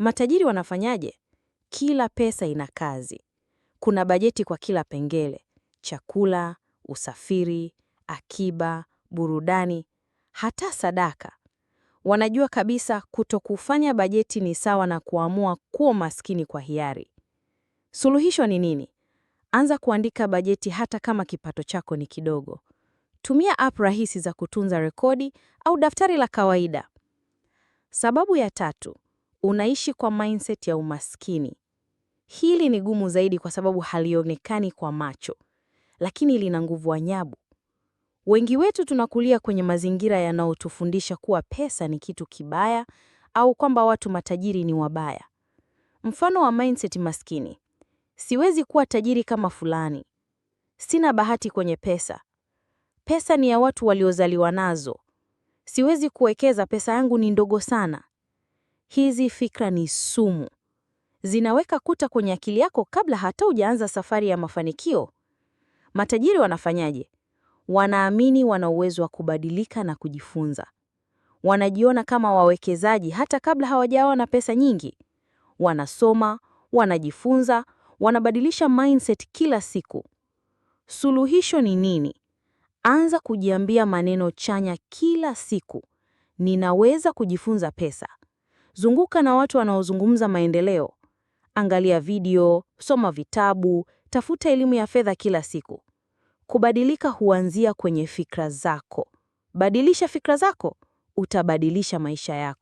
Matajiri wanafanyaje? Kila pesa ina kazi. Kuna bajeti kwa kila pengele: chakula, usafiri, akiba, burudani, hata sadaka. Wanajua kabisa kutokufanya bajeti ni sawa na kuamua kuwa maskini kwa hiari. Suluhisho ni nini? Anza kuandika bajeti hata kama kipato chako ni kidogo. Tumia app rahisi za kutunza rekodi au daftari la kawaida. Sababu ya tatu, unaishi kwa mindset ya umaskini. Hili ni gumu zaidi kwa sababu halionekani kwa macho, lakini lina nguvu anyabu. Wengi wetu tunakulia kwenye mazingira yanayotufundisha kuwa pesa ni kitu kibaya au kwamba watu matajiri ni wabaya. Mfano wa mindset maskini: siwezi kuwa tajiri kama fulani, sina bahati kwenye pesa, pesa ni ya watu waliozaliwa nazo, siwezi kuwekeza, pesa yangu ni ndogo sana. Hizi fikra ni sumu, zinaweka kuta kwenye akili yako kabla hata hujaanza safari ya mafanikio. Matajiri wanafanyaje? Wanaamini wana uwezo wa kubadilika na kujifunza. Wanajiona kama wawekezaji hata kabla hawajawa na pesa nyingi. Wanasoma, wanajifunza, wanabadilisha mindset kila siku. Suluhisho ni nini? Anza kujiambia maneno chanya kila siku. Ninaweza kujifunza pesa. Zunguka na watu wanaozungumza maendeleo. Angalia video, soma vitabu, tafuta elimu ya fedha kila siku. Kubadilika huanzia kwenye fikra zako. Badilisha fikra zako, utabadilisha maisha yako.